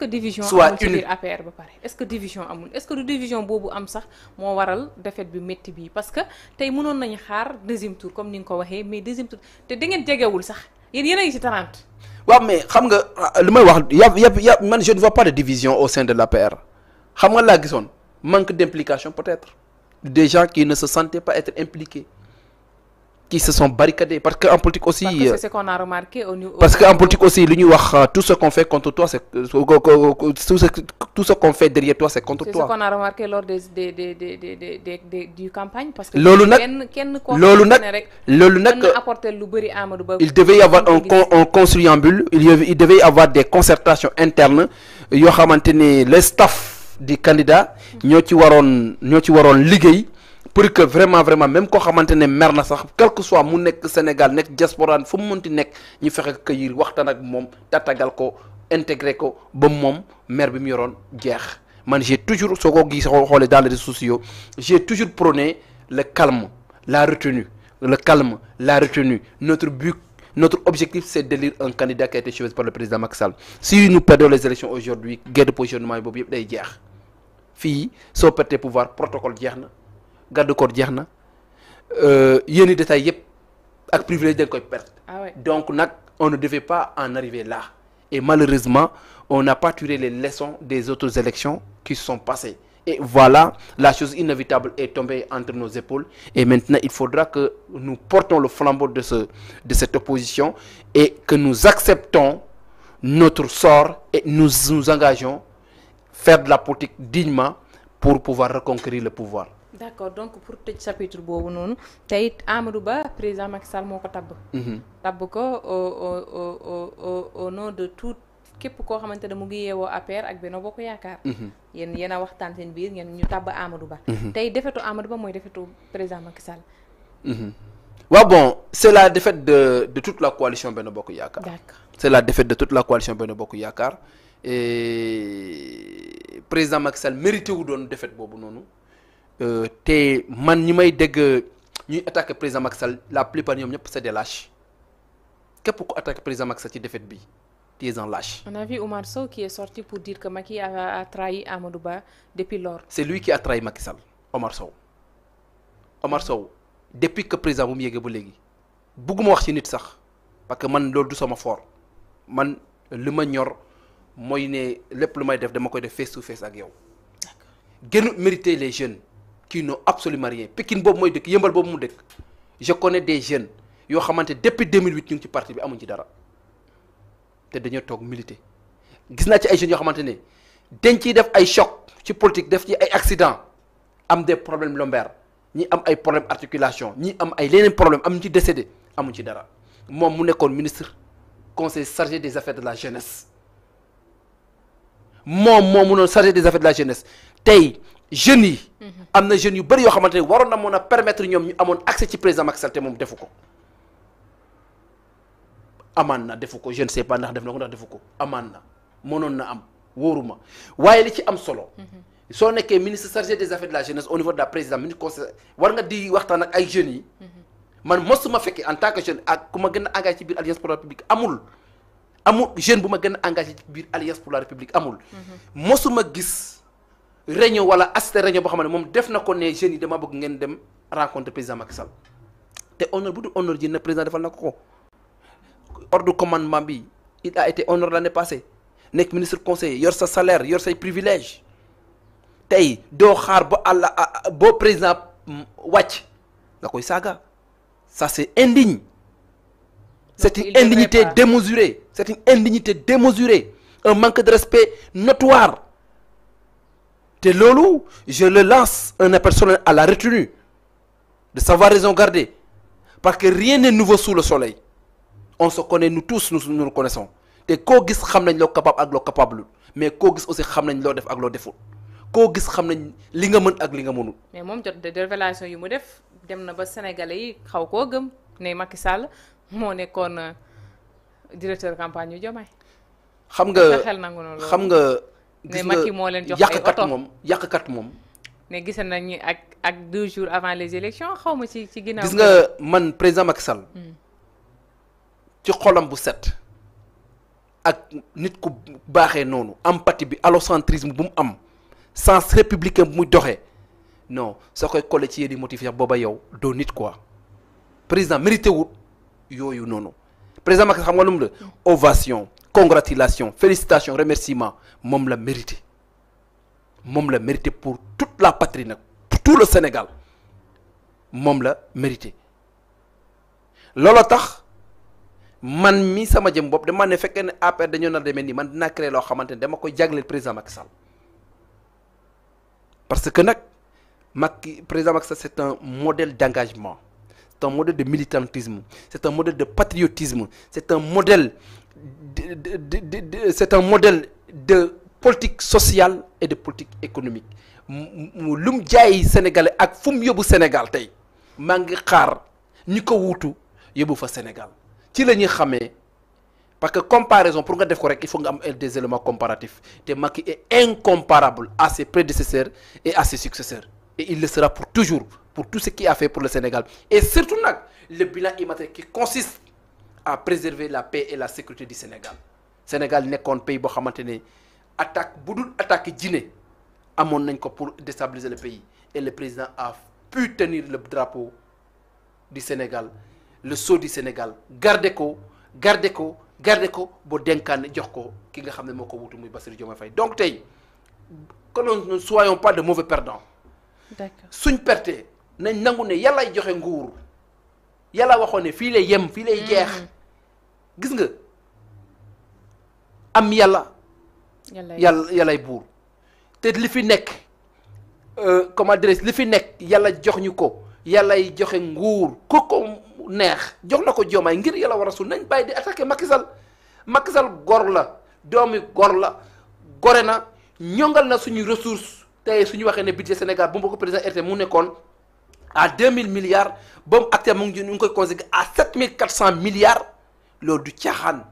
que division soit une APR ba pare est-ce que division amul est-ce que division bobu am sax mo waral défaite bi metti bi parce que tay mënoon nañu xaar deuxième tour comme ni nga ko waxee mais deuxième tour té da ngeen jegewul sax yéen yéen ci 30. wa mais xam nga ah, li wax man je ne vois pas de division au sein de l'APR xam nga la gisoon manque d'implication peut-être des gens qui ne se sentaient pas être impliqués qui se sont barricadés parce qu'en politique aussi parce que c'est euh, ce qu'on a remarqué parce politique aussi l'union euh, tout ce qu'on fait contre toi c'est euh, tout ce qu'on fait derrière toi c'est contre toi c'est ce qu'on a remarqué lors des des des des des du campagne parce que loolu nak kenn nak le nak il devait y avoir un un bulle il devait y avoir des concertations internes yo xamanteni maintenu le staff du candidat ñoo ci nous ñoo ci pour que vraiment vraiment même ko xamantene ne mer na sax quel que soit mu nek Sénégal nek diaspora fu mu mënti nekk ñu fexé këyir waxtan ak mom tatagal ko intégrer ko ba mom mer bi mu yoron jeex man j'ai toujours soko gi xolé dans les réseaux sociaux j'ai toujours prôné le calme la retenue le calme la retenue notre but notre objectif c'est d'élire un candidat qui a été choisi par le président Macky Sall si nous perdons les élections aujourd'hui guerre de positionnement yi boobu day jeex fi soo pouvoir protocole jeexna garde corps y euh des détails avec ak ah donc on ne devait pas en arriver là. et malheureusement on n'a pas tiré les leçons des autres élections qui sont passées. Et voilà, la chose inévitable est tombée entre nos épaules. Et maintenant, il faudra que nous portons le flambeau de, ce, de cette opposition et que nous acceptons notre sort et nous nous engageons à faire de la politique dignement pour pouvoir reconquérir le pouvoir. D'accord, donc pour le chapitre boobu noonu te it Amadou Ba président Macky Sall moo ko tabb. Mhm. tabb ko au au au au nom de tout képp koo xamante ne mu ngi yeewoo APR ak Benno Bokk Yaakaar. Mhm. yéen yéen a waxtaan seen biir ngeen ñu tabb Amadou Ba. Mhm. tey defetu Amadou Ba président Macky Sall. bon c'est la défaite de de toute la coalition Benno Yakar. Yaakaar. d' la défaite de toute la coalition Benno Yakar. Yaakaar et président Macky Sall mérité wu doon défaite boobu noonu. Euh, te man ñi may dégg ñuy attaquer président Macky Sall la plupart ñom ñep c'est des lâches képp ku attaquer président Macky Sall ci défaite bi tu es un lâche. On a vu Omar Sow qui est sorti pour dire que Macky a, a trahi Amadou Ba depuis lors. C'est lui qui a trahi Macky Sall Omar Sow Omar Sow depuis que président bu mu yéegee ba léegi bugguma wax ci nit sax parce que man lool du sama fort man le ma ñor moy né lepp lu may def dama koy def face to face ak yow. D'accord. gënu mériter les jeunes qui n'ont absolument rien Pékin, Bob mooy dëkk yëmbal boobu je connais des jeunes ont xamante depuis 2008 ñu ngi ci parti bi amuñ ci dara te dañoo toog militer gis naa ci ay jeunes yoo ont ne dañ ciy def ay choc ci politique def ci ay accident am des problèmes lombaires Ni am ay problèmes. articulation ni am ay leneen problème am ci décédé amuñ ci dara Moi, mu nekkoon ministre conseil chargé des affaires de la jeunesse moi, moo munoon chargé des affaires de la jeunesse tey jeunes yi. Mhm. am na jeune yu bëri yoo xamante ne waroon na mën a permettre ñoom ñu amoon accès ci président Macky Sall te moom defu amaan na defu ko je ne sais pas ndax def na ko ndax defu ko amaan na mënoon na am wóoruma waaye li ci am solo. Mhm. soo nekkee ministre chargé des affaires de la jeunesse au niveau de la présidence ministre conseil war nga di waxtaan ak ay jeunes yi. Mhm. man mosuma fekkee en tant que jeune ak ku ma gën a engagé ci biir alliance pour la république amul. bu ma gën a engagé ci biir alliance pour la république amul. réunion wala aspect réunion boo xam Defna, def na ko né jeunes yi dama bëgg ngeen dem rencontre président Macky Sall té honneur bu du honneur ji né président defal na ko ko ordre commandement bi il a été honneur l'année passée nekk ministre conseiller yor sa salaire yor say privilège tay do xaar ba àlla bo président wacc nga koy saga? ça c'est indigne c'est une indignité démesurée c'est une indignité démesurée un manque de respect notoire et lolo, je le lance un appel solennel à la retenue de savoir raison garder parce que rien n'est nouveau sous le soleil on se connaît nous tous nous nous connaissons te koo gis xam nañ capable ak capable mais koo gis aussi xam nañ loo def ak loo deful koo gis xam nañ li nga mën ak li nga mënul. mais moi, jot de révélation yu mu def dem na ba sénégalais yi xaw koo gëm ne Macky Sall moo nekkoon euh, directeur campagne yu xam nga xam nga mais Macky moo leen jox ay oto yàqkat moom yàqkat moom. mais gis nañu ak ak deux jours avant les élections xaw ma ci ci ginnaaw. gis nga man président Macky Sall. Hmm. ci xolam bu set. ak nit ku baaxee noonu empathie bi allocentrisme bu mu am sens républicain bu muy doxee non soo koy collé ci yenn motif yax booba yow doo nit quoi président mérité wut yooyu noonu président Macky xam nga lu mu la hmm. ovation congratulations félicitations remerciements Mom la mérité Mom la mérité pour toute la patrie pour tout le Sénégal Mom la mérité Lolo tax man mi sama jëm de dama ne fekkee ne APR dañu nar demee ni man dinaa créer loo dama koy président Macky Sall parce que nak Macky président Macky Sall c'est un modèle d'engagement c'est un modèle de militantisme c'est un modèle de patriotisme c'est un modèle c'est un modèle de politique sociale et de politique économique Lum jaay sénégalais ak fum mu Sénégal tay maa ngi xaar ñi ko wuutu fa Sénégal ci lañu xamé parce que comparaison pour nga def ko rek il faut nga am des éléments comparatifs té maki est incomparable à ses prédécesseurs et à ses successeurs et il le sera pour toujours pour tout ce qu'il a fait pour le Sénégal et surtout le bilan immatériel qui consiste à préserver la paix et la sécurité du Sénégal Sénégal qu'un pays qui xamante ne attaque bu attaque Guinée pour déstabiliser le pays et le président a pu tenir le drapeau du Sénégal le sceau du Sénégal gardez le gardez le gardez le pour denkaan jox ko ki nga xam ne donc que nous ne soyons pas de mauvais perdants. d'accord suñ pertee nañ nangu ne yàllay joxe nguur yàlla waxoon ne fii lay yem fii lay jeex mm. gis nga am yàlla yàlla yàllay buur te li fi nekk euh, comment dirais li fi nekk yàlla jox ñu ko yàllay joxe nguur ku ko neex jox na ko joomaay ngir yàlla war a su nañ bàyyi di attaqué Macky Sall Macky Sall gor la doomi gor la gore na ñongal na suñu ressource tey suñu waxee ne budget Sénégal bu ma ko président RT mu nekkoon à 2000 milliards ba mu acté mu ngi koy conséqué à 7400 milliards loolu du caaxaan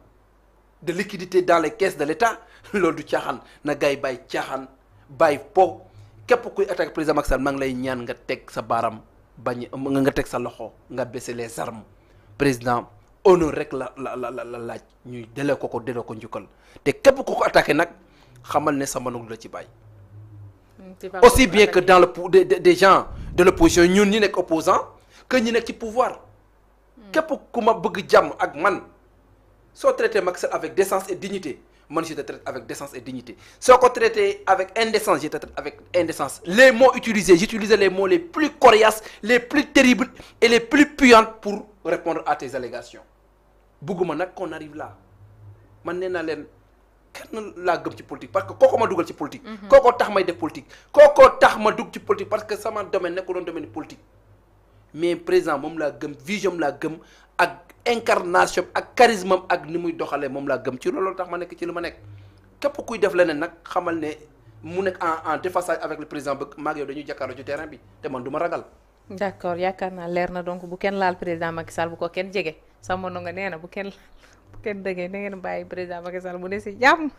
de liquidité dans les caisses de l'État loolu du caaxaan na bay yi bay caaxaan quest po képp kuy attaque président Macky Sall maa lay ñaan nga tek sa baram bañ nga tek sa loxo nga baisser les armes président honneur rek la la la la ñuy délé ko ko délé ko ñukal té képp ko ko attaquer nak xamal né sa manou la ci bay mm, aussi bien que dans le des des gens de l'opposition nous sommes opposants opposant que nous sommes ci pouvoir Qu'est-ce que je veux ak man traité Maxel avec décence et dignité Moi, je te traite avec décence et dignité soit traité avec indécence je te avec indécence les mots utilisés j'utilise les mots les plus coriaces les plus terribles et les plus puantes pour répondre à tes allégations bëgguma qu'on arrive là man kenn la gëm ci politique parce que kooko ma dugal ci politique. kookoo tax may def politique. kookoo tax ma dugg ci politique parce que sama domaine nekkul doon domaine politique mais président moom laa gëm vision laa gëm ak incarnation ak charisme ak ni muy doxalee moom laa gëm ci loolu tax ma nekk ci li ma nekk. képp kuy def leneen nak xamal ne mu nekk en en avec le président ba maa ngi yow dañuy jàkkaarloo ci terrain bi te man du ma ragal. d' accord yaakaar naa leer na donc bu kenn laal président Macky Sall bu ko kenn jege sama nga nee na bu kenn. Kendeng-kendeng baik bersama kesalmune sejam.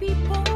people